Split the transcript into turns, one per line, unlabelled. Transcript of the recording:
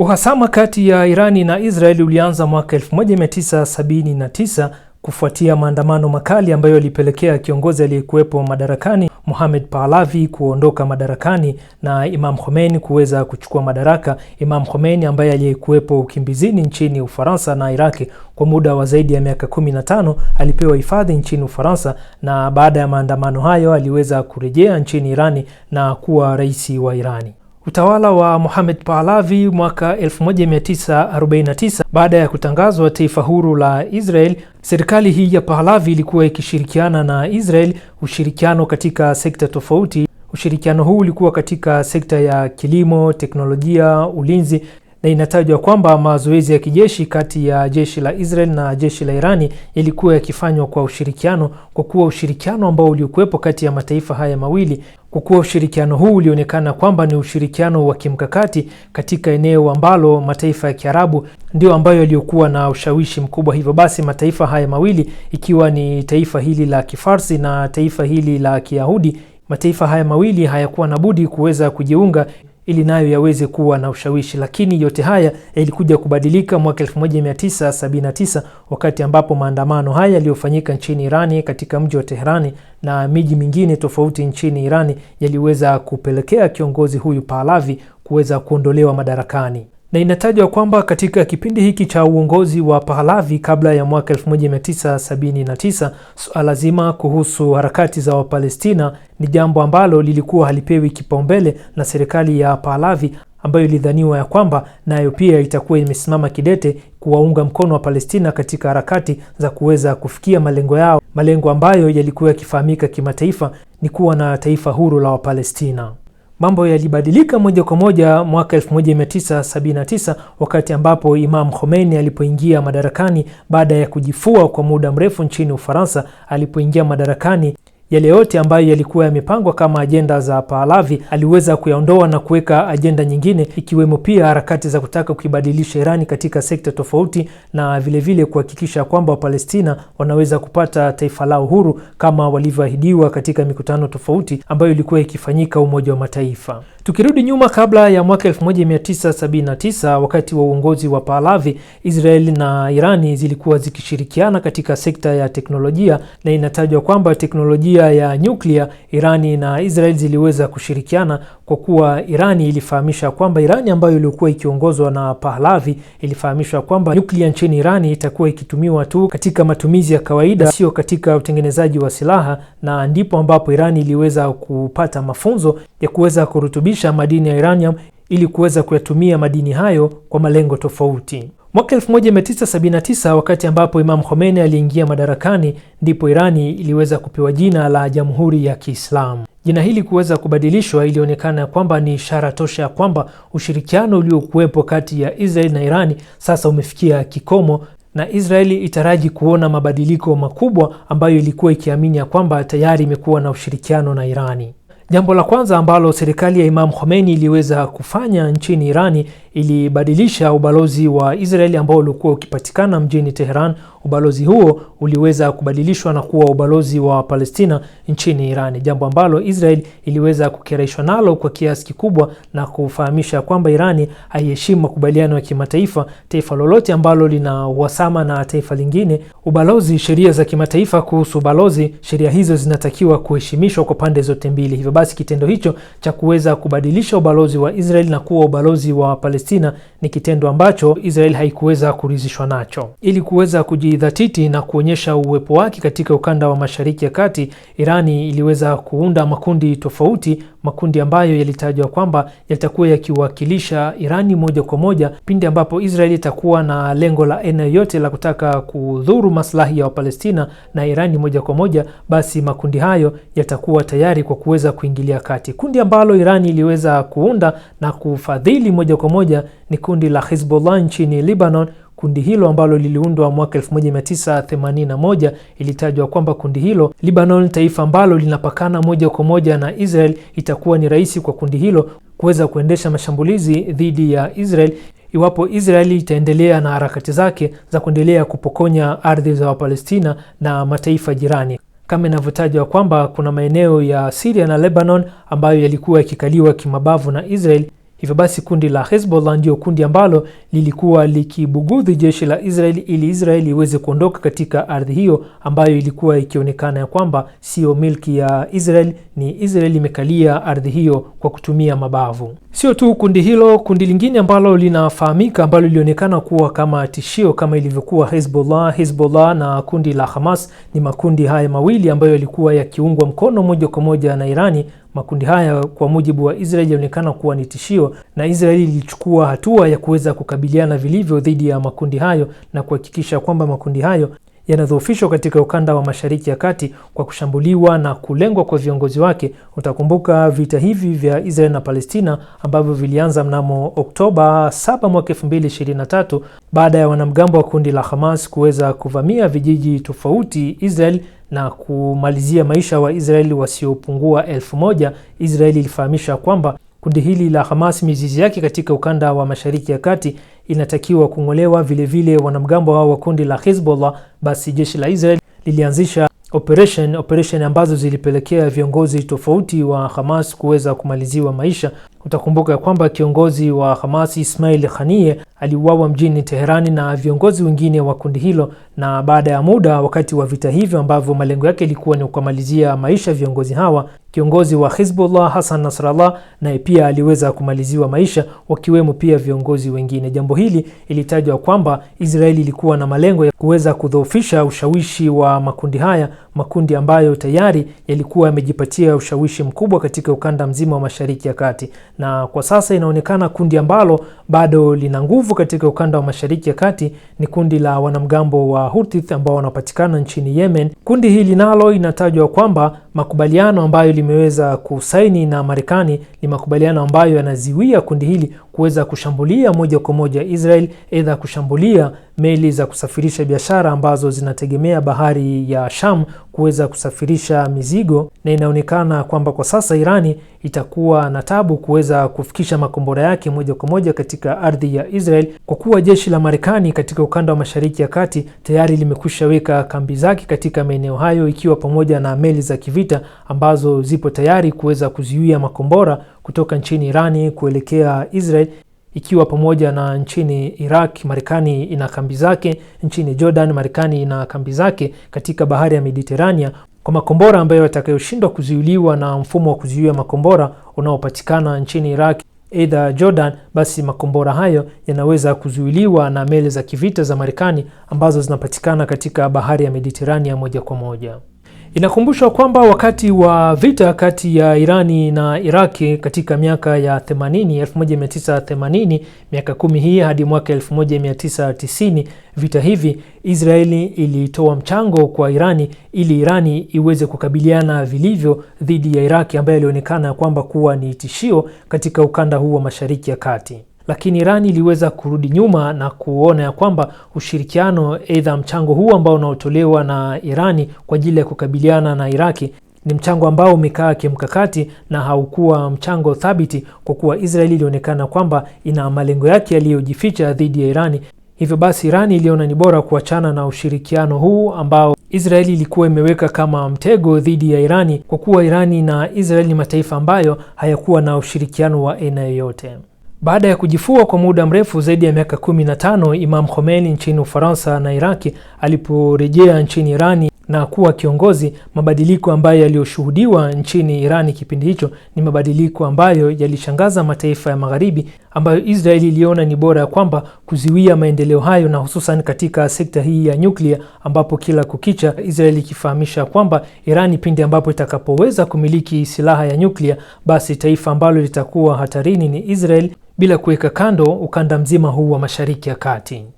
Uhasama kati ya Irani na Israeli ulianza mwaka 1979 kufuatia maandamano makali ambayo yalipelekea kiongozi aliyekuwepo madarakani Mohamed Pahlavi kuondoka madarakani na Imam Khomeini kuweza kuchukua madaraka. Imam Khomeini ambaye aliyekuwepo ukimbizini nchini Ufaransa na Iraki kwa muda wa zaidi ya miaka 15 alipewa hifadhi nchini Ufaransa, na baada ya maandamano hayo aliweza kurejea nchini Irani na kuwa rais wa Irani. Utawala wa Mohamed Pahlavi mwaka 1949 baada ya kutangazwa taifa huru la Israel, serikali hii ya Pahlavi ilikuwa ikishirikiana na Israel ushirikiano katika sekta tofauti. Ushirikiano huu ulikuwa katika sekta ya kilimo, teknolojia, ulinzi na inatajwa kwamba mazoezi ya kijeshi kati ya jeshi la Israel na jeshi la Irani yalikuwa yakifanywa kwa ushirikiano, kwa kuwa ushirikiano ambao uliokuwepo kati ya mataifa haya mawili, kwa kuwa ushirikiano huu ulionekana kwamba ni ushirikiano wa kimkakati katika eneo ambalo mataifa ya Kiarabu ndio ambayo yaliyokuwa na ushawishi mkubwa. Hivyo basi mataifa haya mawili ikiwa ni taifa hili la Kifarsi na taifa hili la Kiyahudi mataifa haya mawili hayakuwa na budi kuweza kujiunga ili nayo yaweze kuwa na ushawishi, lakini yote haya yalikuja kubadilika mwaka 1979 wakati ambapo maandamano haya yaliyofanyika nchini Irani katika mji wa Teherani na miji mingine tofauti nchini Irani yaliweza kupelekea kiongozi huyu Pahlavi kuweza kuondolewa madarakani na inatajwa kwamba katika kipindi hiki cha uongozi wa Pahlavi kabla ya mwaka 1979 suala zima kuhusu harakati za Wapalestina ni jambo ambalo lilikuwa halipewi kipaumbele na serikali ya Pahlavi ambayo ilidhaniwa ya kwamba nayo na pia itakuwa imesimama kidete kuwaunga mkono wa Palestina katika harakati za kuweza kufikia malengo yao, malengo ambayo yalikuwa yakifahamika kimataifa ni kuwa na taifa huru la Wapalestina. Mambo yalibadilika moja kwa moja mwaka 1979 wakati ambapo Imam Khomeini alipoingia madarakani baada ya kujifua kwa muda mrefu nchini Ufaransa. Alipoingia madarakani yale yote ambayo yalikuwa yamepangwa kama ajenda za Pahlavi aliweza kuyaondoa na kuweka ajenda nyingine, ikiwemo pia harakati za kutaka kuibadilisha Irani katika sekta tofauti na vilevile kuhakikisha kwamba Wapalestina wanaweza kupata taifa lao huru kama walivyoahidiwa katika mikutano tofauti ambayo ilikuwa ikifanyika Umoja wa Mataifa. Tukirudi nyuma kabla ya mwaka 1979 wakati wa uongozi wa Pahlavi, Israeli na Irani zilikuwa zikishirikiana katika sekta ya teknolojia, na inatajwa kwamba teknolojia ya nyuklia, Irani na Israeli ziliweza kushirikiana kwa kuwa Irani ilifahamisha kwamba, Irani ambayo ilikuwa ikiongozwa na Pahlavi ilifahamisha kwamba nyuklia nchini Irani itakuwa ikitumiwa tu katika matumizi ya kawaida, sio katika utengenezaji wa silaha, na ndipo ambapo Irani iliweza kupata mafunzo ya kuweza kurutubisha kuhamasisha madini ya uranium ili kuweza kuyatumia madini hayo kwa malengo tofauti. Mwaka 1979 wakati ambapo Imam Khomeini aliingia madarakani, ndipo Irani iliweza kupewa jina la Jamhuri ya Kiislamu. Jina hili kuweza kubadilishwa ilionekana kwamba ni ishara tosha ya kwamba ushirikiano uliokuwepo kati ya Israeli na Irani sasa umefikia kikomo na Israeli itaraji kuona mabadiliko makubwa ambayo ilikuwa ikiamini ya kwamba tayari imekuwa na ushirikiano na Irani. Jambo la kwanza ambalo serikali ya Imam Khomeini iliweza kufanya nchini Irani ilibadilisha ubalozi wa Israeli ambao ulikuwa ukipatikana mjini teheran Ubalozi huo uliweza kubadilishwa na kuwa ubalozi wa Palestina nchini Irani, jambo ambalo Israel iliweza kukereshwa nalo kwa kiasi kikubwa na kufahamisha kwamba Irani haiheshimu makubaliano ya kimataifa. Taifa lolote ambalo lina uhasama na taifa lingine, ubalozi, sheria za kimataifa kuhusu ubalozi, sheria hizo zinatakiwa kuheshimishwa kwa pande zote mbili. Hivyo basi kitendo hicho cha kuweza kubadilisha ubalozi wa Israel na kuwa ubalozi wa Palestina ni kitendo ambacho Israel haikuweza kuridhishwa nacho. Ili kuweza kuji kidhatiti na kuonyesha uwepo wake katika ukanda wa Mashariki ya Kati, Irani iliweza kuunda makundi tofauti, makundi ambayo yalitajwa kwamba yatakuwa yakiwakilisha Irani moja kwa moja pindi ambapo Israeli itakuwa na lengo la aina yoyote la kutaka kudhuru maslahi ya Wapalestina na Irani moja kwa moja, basi makundi hayo yatakuwa tayari kwa kuweza kuingilia kati. Kundi ambalo Irani iliweza kuunda na kufadhili moja kwa moja ni kundi la Hezbollah nchini Lebanon Kundi hilo ambalo liliundwa mwaka 1981 ilitajwa kwamba kundi hilo Lebanon, taifa ambalo linapakana moja kwa moja na Israel, itakuwa ni rahisi kwa kundi hilo kuweza kuendesha mashambulizi dhidi ya Israel iwapo Israeli itaendelea na harakati zake za kuendelea kupokonya ardhi za Wapalestina na mataifa jirani, kama inavyotajwa kwamba kuna maeneo ya Syria na Lebanon ambayo yalikuwa yakikaliwa kimabavu na Israel Hivyo basi kundi la Hezbollah ndio kundi ambalo lilikuwa likibugudhi jeshi la Israeli ili Israeli iweze kuondoka katika ardhi hiyo ambayo ilikuwa ikionekana ya kwamba siyo milki ya Israel, ni Israeli imekalia ardhi hiyo kwa kutumia mabavu. Sio tu kundi hilo, kundi lingine ambalo linafahamika ambalo lilionekana kuwa kama tishio kama ilivyokuwa Hezbollah. Hezbollah na kundi la Hamas ni makundi haya mawili ambayo yalikuwa yakiungwa mkono moja kwa moja na Irani Makundi haya kwa mujibu wa Israeli yalionekana kuwa ni tishio, na Israeli ilichukua hatua ya kuweza kukabiliana vilivyo dhidi ya makundi hayo na kuhakikisha kwamba makundi hayo yanadhoofishwa katika ukanda wa Mashariki ya Kati kwa kushambuliwa na kulengwa kwa viongozi wake. Utakumbuka vita hivi vya Israel na Palestina ambavyo vilianza mnamo Oktoba 7 mwaka 2023 baada ya wanamgambo wa kundi la Hamas kuweza kuvamia vijiji tofauti Israel na kumalizia maisha wa Israeli wasiopungua elfu moja. Israeli ilifahamisha kwamba Kundi hili la Hamas mizizi yake katika ukanda wa Mashariki ya Kati inatakiwa kung'olewa. Vilevile wanamgambo hao wa kundi la Hezbollah, basi jeshi la Israel lilianzisha operation operation ambazo zilipelekea viongozi tofauti wa Hamas kuweza kumaliziwa maisha. Utakumbuka ya kwamba kiongozi wa Hamasi Ismail khanie aliuawa mjini Teherani na viongozi wengine wa kundi hilo, na baada ya muda, wakati wa vita hivyo ambavyo malengo yake ilikuwa ni kukamalizia maisha viongozi hawa, kiongozi wa Hizbullah Hassan Nasrallah naye pia aliweza kumaliziwa maisha, wakiwemo pia viongozi wengine. Jambo hili ilitajwa kwamba Israeli ilikuwa na malengo ya kuweza kudhoofisha ushawishi wa makundi haya, makundi ambayo tayari yalikuwa yamejipatia ushawishi mkubwa katika ukanda mzima wa Mashariki ya Kati na kwa sasa inaonekana kundi ambalo bado lina nguvu katika ukanda wa Mashariki ya Kati ni kundi la wanamgambo wa Houthi ambao wanapatikana nchini Yemen. Kundi hili nalo inatajwa kwamba makubaliano ambayo limeweza kusaini na Marekani ni makubaliano ambayo yanaziwia kundi hili kuweza kushambulia moja kwa moja Israel, aidha kushambulia meli za kusafirisha biashara ambazo zinategemea bahari ya Sham kuweza kusafirisha mizigo, na inaonekana kwamba kwa sasa Irani itakuwa na tabu kuweza kufikisha makombora yake moja kwa moja katika ardhi ya Israel kwa kuwa jeshi la Marekani katika ukanda wa Mashariki ya Kati tayari limekwisha weka kambi zake katika maeneo hayo, ikiwa pamoja na meli za kivita vita ambazo zipo tayari kuweza kuzuia makombora kutoka nchini Irani kuelekea Israel ikiwa pamoja na nchini Iraq Marekani ina kambi zake, nchini Jordan Marekani ina kambi zake katika bahari ya Mediterania kwa makombora ambayo yatakayoshindwa kuzuiliwa na mfumo wa kuzuia makombora unaopatikana nchini Iraq aidha Jordan, basi makombora hayo yanaweza kuzuiliwa na meli za kivita za Marekani ambazo zinapatikana katika bahari ya Mediterania moja kwa moja. Inakumbushwa kwamba wakati wa vita kati ya Irani na Iraki katika miaka ya 80 1980, miaka kumi hii hadi mwaka 1990, vita hivi Israeli ilitoa mchango kwa Irani ili Irani iweze kukabiliana vilivyo dhidi ya Iraki ambayo ilionekana kwamba kuwa ni tishio katika ukanda huu wa Mashariki ya Kati lakini Iran iliweza kurudi nyuma na kuona ya kwamba ushirikiano, aidha mchango huu ambao unaotolewa na Irani kwa ajili ya kukabiliana na Iraki ni mchango ambao umekaa kimkakati na haukuwa mchango thabiti, kwa kuwa Israeli ilionekana kwamba ina malengo yake yaliyojificha dhidi ya Irani. Hivyo basi Irani iliona ni bora kuachana na ushirikiano huu ambao Israeli ilikuwa imeweka kama mtego dhidi ya Irani, kwa kuwa Irani na Israeli ni mataifa ambayo hayakuwa na ushirikiano wa aina yoyote. Baada ya kujifua kwa muda mrefu zaidi ya miaka 15, Imam Khomeini nchini Ufaransa na Iraki aliporejea nchini Irani na kuwa kiongozi, mabadiliko ambayo yaliyoshuhudiwa nchini Irani kipindi hicho ni mabadiliko ambayo yalishangaza mataifa ya Magharibi, ambayo Israeli iliona ni bora ya kwamba kuziwia maendeleo hayo, na hususan katika sekta hii ya nyuklia, ambapo kila kukicha Israeli ikifahamisha kwamba Irani pindi ambapo itakapoweza kumiliki silaha ya nyuklia, basi taifa ambalo litakuwa hatarini ni Israeli bila kuweka kando ukanda mzima huu wa Mashariki ya Kati.